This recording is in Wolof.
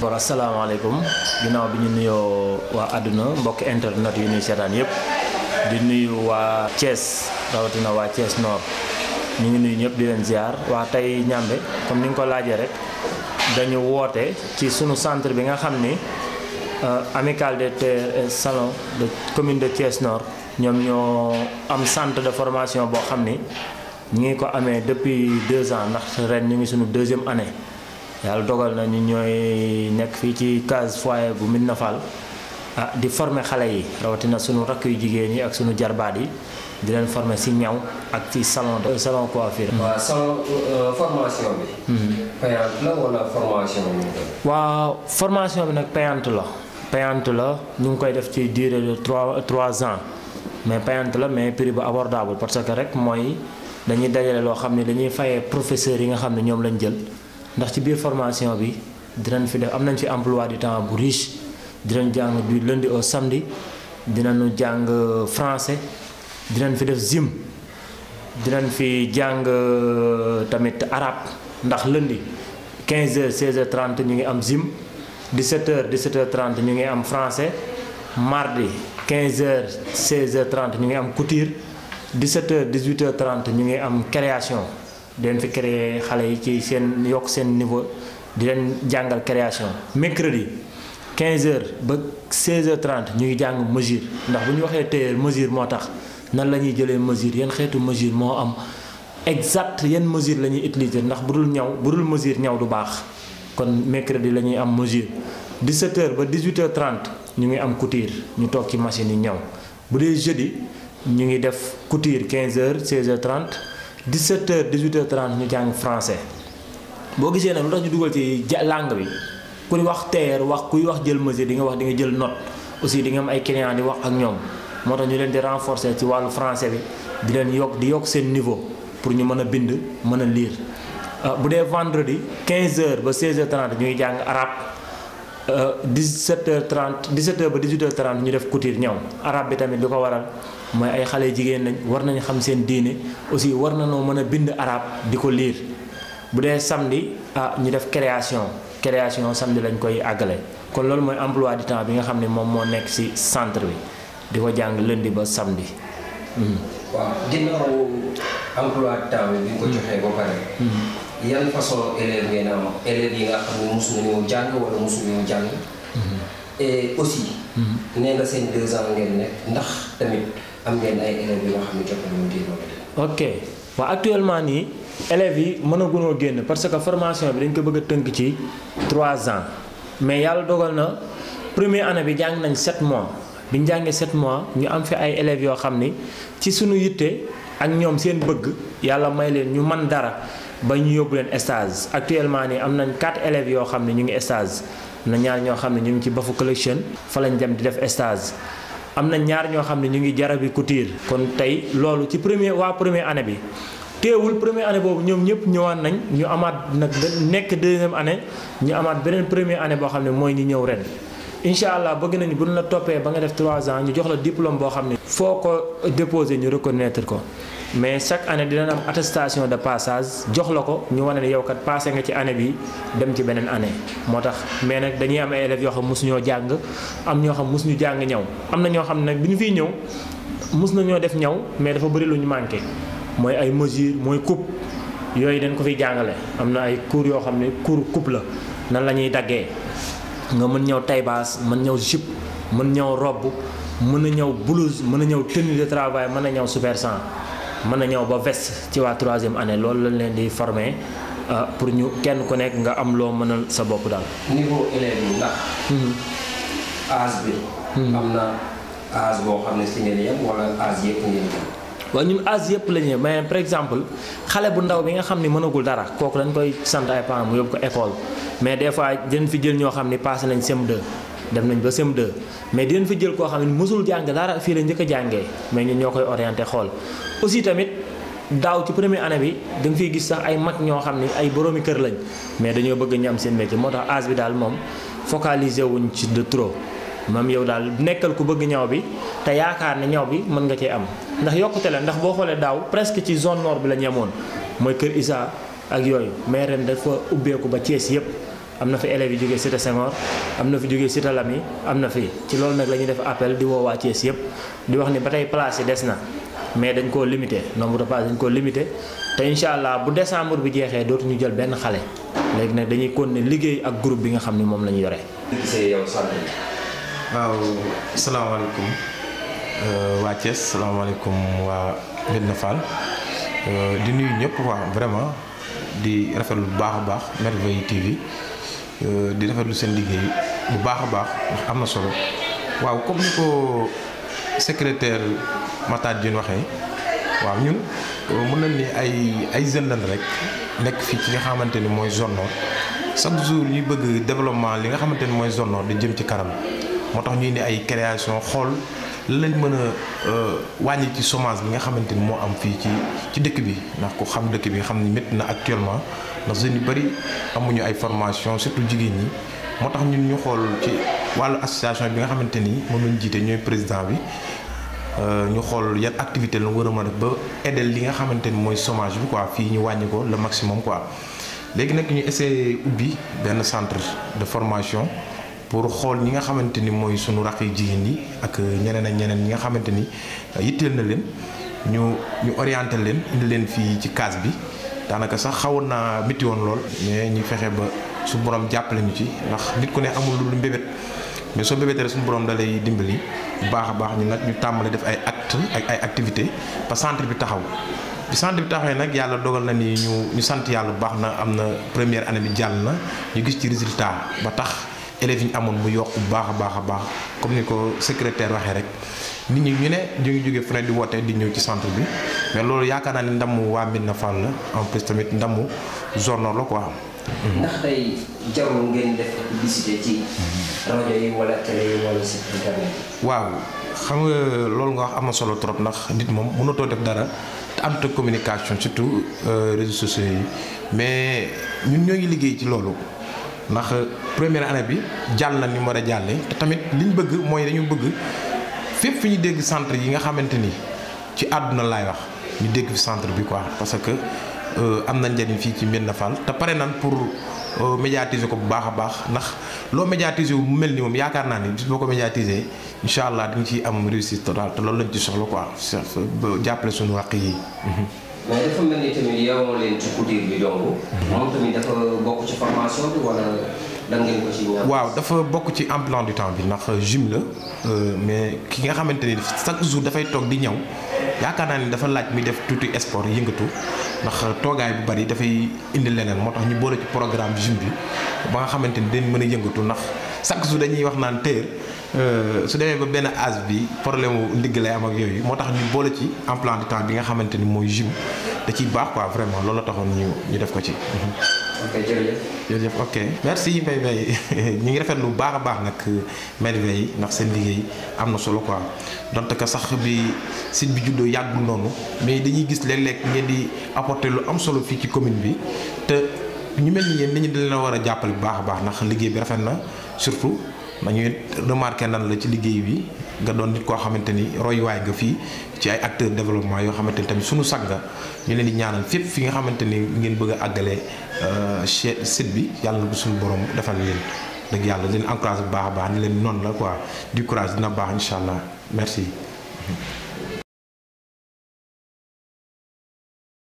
bon asalaamaaleykum ginnaaw bi ñu nuyoo waa àdduna mbokk internet yu ñuy seetaan yëpp di nuyu waa Thiès rawatina waa Thiès Nord ñu ngi nuyu ñëpp di leen ziar waa tey ñàmbe comme ni nga ko laajee rek dañu woote ci sunu centre bi nga xam ni euh, amicale des terres et salon de commune de Thiès Nord ñoom ñoo am centre de formation boo xam ni ñu ngi ko amee depuis deux ans ndax ren ñu ngi sunu deuxième année yàlla dogal na ñu ñooy nekk fii ci case foyer bu Médina Fall ah di former xale yi rawatina sunu rakk yu jigéen ñi ak sunu jarbaat yi di leen former si ñaw ak ci salon de salon coiffure. waaw salon euh, formation bi. Hmm. formation bi. nag payante la. payante la ñu ngi koy def ci durée de trois trois ans mais payante la mais prix bu abordable parce que rek mooy dañuy dajale loo xam ne dañuy fayee professeurs yi nga xam ne ñoom lañ jël. ndax ci biir formation bi dinañ fi def am nañ fi emploi du temps bu riche dinañ jàng du lundi au samedi dinañu jàng euh, français dinañ fi def zim dinañ fi jàng euh, tamit Arab. ndax lundi 15h 16h30 ñu ngi am zim 17h 17h30 ñu ngi am français mardi 15h 16h30 ñu ngi am couture 17h 18h30 ñu ngi am création di fi créer xale yi ci seen yokk seen niveau di leen jàngal création mercredi quinze heures ba 16 heures 30 ñuy jàng mesure ndax bu ñu waxee téyeel mesure moo tax nan la ñuy jëlee mesure yan xeetu mesure moo am exact yan mesure la ñuy utiliser ndax bu dul ñaw bu dul mesure ñaw du baax kon mercredi la ñuy am mesure 17 heures ba 18 heures 30 ñu ngi am couture ñu toog ci machine yi ñaw bu dee jeudi ñu ngi def couture quinze heures 16 heures 17 heures 18 heures 30 ñu jàng français boo gisee nag lu tax ñu dugal ci langue bi kuy wax teer wax kuy wax jël mesure di nga wax di nga jël note aussi di nga am ay client di wax ak ñoom moo ñu leen di renforcer ci wàllu français bi di leen yokk di yokk seen niveau pour ñu mën a bind mën a lire euh, bu dee vendredi 15 heures ba 16 heures 30 17h30 17h ba 18h30 ñu def couture arab bi tamit waral mooy ay xale jigéen nañ war nañu xam seen diine aussi war na nañoo mën a bind araab di ko liir bu dee samedi ah ñu def création création samedi lañ koy àggale kon loolu mooy emploi de temps bi nga xam ne moom moo nekk ci centre bi di ko jàng lundi ba samedi. Hmm. waaw bi. bi ko hmm. joxee ba pare. Hmm. yan façon élèves ngeen am jàng aussi. nee nga seen deux ngeen nekk ndax tamit. am ngeen yoo xam ne jot nañu ok waaw actuellement nii élèves yi mënaguñoo génn parce que formation bi dañ ko bëgg a tënk ci trois ans mais yàlla dogal na premier année bi jàng nañ 7 mois bi ñu jàngee 7 mois ñu am fi ay élèves yoo xam ni ci suñu yitte ak ñoom seen bëgg yàlla may leen ñu man dara ba ñu yóbbu leen stage actuellement nii am nañ 4 élèves yoo xam ne ñu ngi stage na ñaar ñoo xam ne ñu ngi ci bafu collection fa lañ dem di def stage am na ñaar ñoo xam ne ñu ngi jarabi couture kon tey loolu ci premier waa première année bi teewul première année boobu ñoom ñëpp ñëwaat nañ ñu amaat nag nekk deuxième année ñu amaat beneen première année boo xam ne mooy ñi ñëw ren incha allah bëgg nañu bu ñu la toppee ba nga def 3 ans ñu jox la diplôme boo xam ne. foo ko déposé ñu reconnaître ko mais chaque année dina am attestation de passage jox la ko ñu wane ne yow kat passé nga ci année bi dem ci beneen année. moo tax mais nag dañuy am ay élèves yoo xam mosuñoo jàng am ñoo xam mosuñu jàng ñaw am na ñoo xam nag bi ñu fiy ñëw mus na ñoo def ñaw mais dafa bëri lu ñu manqué mooy ay mesure mooy coupe yooyu dañ ko fiy jàngale am na ay cours yoo xam ne cours coupe la nan la ñuy daggee. nga mën ñëw tay baas mën ñëw jup mën ñëw robb mën a ñëw blouse mën a ñëw tenue de travail mën a ñëw super 100 mën a ñëw ba veste ci waa année loolu lañ leen di euh, pour ñu kenn ku nekk nga am loo mënal sa bopp daal. niveau élève yi ndax. Hmm. bi. Hmm. am na boo xam ne si ngeen yem wala yëpp ngeen yem. waaw ñun âge yëpp la ñu mais par exemple xale bu ndaw bi nga xam ni mënagul dara kooku dañ koy sant ay parents mu yóbbu ko école mais des fois dinañ fi jël ñoo xam ni passé nañ CM2 dem nañ ba CM2 mais dinañ fi jël koo xam ne mësul jàng dara fii la njëkk a jàngee mais ñun ñoo koy orienté xool aussi tamit. daaw ci première année bi da nga gis sax ay mag ñoo xam ne ay boroomi kër lañ mais dañoo bëgg ñu seen métier moo tax âge bi daal moom focaliser wuñ ci de trop. maam yow daal nekkal ku bëgg ñaw bi te yaakaar ne ñaw bi mën nga cee am ndax yokkute la ndax boo xoolee daaw presque ci zone nord bi la ñu amoon mooy Kër Issa ak yooyu mais ren dafa ubbeeku ba Thiès yëpp am na fi élèves yi jógee Cité Senghor am na fi jógee Cité Lamy am na fi ci loolu nag la ñuy def appel di woowaa Thiès yëpp di wax ni ba tey place yi des na mais dañ koo limité nombre de place dañ koo limité te incha allah bu décembre bi jeexee dootuñu jël benn xale léegi nag dañuy continuer liggéey ak groupe bi nga xam ne moom la ñu yore. gisee yow waaw salaamaaleykum euh, waa Thiès salaamaaleykum waa Medina Fall euh, di nuyu ñëpp waa vraiment di rafetlu bu baax a baax Merveille TV euh, di rafetlu seen liggéey bu baax a baax ndax am na solo waaw comme ni ko secrétaire Matar Diène waxee waaw ñun mën na ni ay ay jeunes lañ rek nekk fii ci nga xamante ni mooy zone nord chaque jour ñuy bëgg développement li nga xamante ni mooy zone nord di jëm ci kanam. moo tax ñu indi ay création xool lan lañ mën a euh, wàññi ci chômage bi nga xamante ni moo am fii ci ci dëkk bi ndax ku xam dëkk bi xam ni métti na actuellement ndax jeunes yu bëri amuñu ay formation surtout jigéen ñi moo tax ñun ñu xool ci wàllu association bi nga xamante ni moom lañ jiite ñooy président bi euh, ñu xool yan activité la war a mën a ba aider li nga xamante ni mooy chômage bi quoi fii ñu wàññi ko le maximum quoi léegi nag ñu essayé ubbi benn centre de formation pour xool ñi nga xamante ni mooy sunu raq yi jigéen yi ak ñeneen ak ñeneen ñi nga xamante ni yitteel na leen ñu ñu orienté leen indi leen fii ci kaas bi daanaka sax xawoon naa métti woon lool mais ñu fexe ba su borom jàppale ñu ci ndax nit ku ne amul lu mbébét mais soo bébétee rek suñu borom da dimbali bu baax baax ñu nag ñu tàmbali def ay acte ak ay activité ba centre bi taxaw bi centre bi taxawee nag yàlla dogal na ni ñu ñu sant yàlla bu baax na am na première année bi jàll na ñu gis ci résultat élèves yi ñu amoon bu yokk baax a baax a baax comme ni ko secrétaire waxee rek nit ñi ñu ne ñu ngi jógee fu di woote di ñëw ci centre bi mais loolu yaakaar naa ne ndamu waa na Fall la en plus tamit ndamu zone nord la quoi. ndax waaw xam nga loolu nga wax am na solo trop ndax nit moom mënatoo def dara te am communication surtout euh, réseaux sociaux yi mais ñun ñoo ngi liggéey ci loolu. ndax première année bi jàll na ni mu war a jàlle te tamit li bëgg mooy dañu bëgg fépp fi ñu dégg centre yi nga xamante ni ci àdduna laay wax ñu dégg centre bi quoi parce que euh, am na njëriñ fii ci Médina Fall te pare nan pour euh, médiatiser ko bu baax a baax ndax loo médiatiser wu mu mel ni moom yaakaar naa ni bis boo ko médiatiser incha allah dañu ciy am réussite totale te loolu lañ ci soxla quoi jàppale suñu wàq yi. mais dafa mel ni tamit yeewoo leen ci couture bi donc moom tamit dafa bokk ci formation bi wala lan ngeen ko ci waaw dafa bokk ci emploi du temps bi ndax gym la euh, mais ki nga xamante ni chaque jour dafay toog di ñëw yaakaar naa ni dafa laaj mi def tuuti sport yëngatu ndax toogaay bu bari dafay indi leneen moo tax ñu boole ci programme gym bi ba nga xamante ni dañ mën a yëngatu ndax chaque jour dañuy wax naan téer Euh, su demee ba benn as bi problème wu ndigg am ak yooyu moo tax ñu boole ci en plan de temps bi nga xamante ni mooy gym da ciy baax quoi vraiment loolu la taxoon ñu ñu def ko ci. ok jërëjëf. jërëjëf ok merci Mbaye Mbaye ñu ngi rafet lu baax a baax nag Medway ndax seen liggéey am na solo quoi donte que sax bi site bi juddoo yàggul noonu mais dañuy gis léeg-léeg ngeen di apporter lu am solo fii ci commune bi te ñu mel ni yéen dañu leen a war a jàppale bu baax a baax ndax liggéey bi rafet na surtout. dañuy remarqué nan la ci liggéey bi nga doon nit koo xamante ni royuwaay nga fii ci ay acteurs développement yoo xamante ni tamit sunu sag nga ñu leen di ñaanal fépp fi nga xamante ni ngeen bëgg a àggale euh, site bi yàlla na suñu borom defal leen dëgg yàlla leen encourage bu baax a baax ni leen noonu la quoi du courage dina baax incha allah merci.